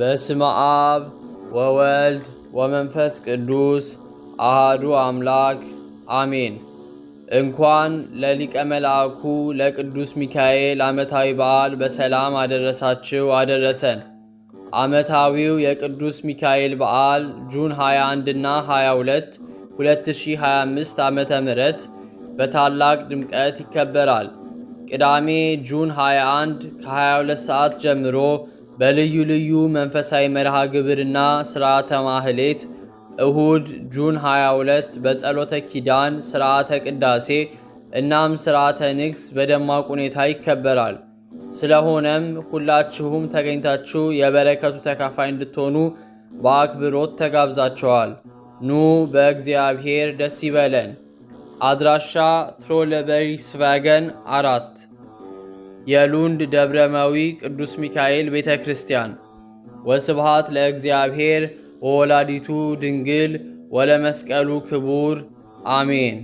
በስመ አብ ወወልድ ወመንፈስ ቅዱስ አህዱ አምላክ አሜን። እንኳን ለሊቀ መልአኩ ለቅዱስ ሚካኤል ዓመታዊ በዓል በሰላም አደረሳችሁ አደረሰን። ዓመታዊው የቅዱስ ሚካኤል በዓል ጁን 21 እና 22 2025 ዓመተ ምህረት በታላቅ ድምቀት ይከበራል። ቅዳሜ ጁን 21 ከ22 ሰዓት ጀምሮ በልዩ ልዩ መንፈሳዊ መርሃ ግብርና ስርዓተ ማህሌት እሁድ ጁን 22 በጸሎተ ኪዳን፣ ስርዓተ ቅዳሴ እናም ስርዓተ ንግስ በደማቅ ሁኔታ ይከበራል። ስለሆነም ሁላችሁም ተገኝታችሁ የበረከቱ ተካፋይ እንድትሆኑ በአክብሮት ተጋብዛችኋል። ኑ በእግዚአብሔር ደስ ይበለን። አድራሻ ትሮለበሪስቫገን አራት የሉንድ ደብረማዊ ቅዱስ ሚካኤል ቤተ ክርስቲያን። ወስብሃት ለእግዚአብሔር ወወላዲቱ ድንግል ወለመስቀሉ ክቡር አሜን።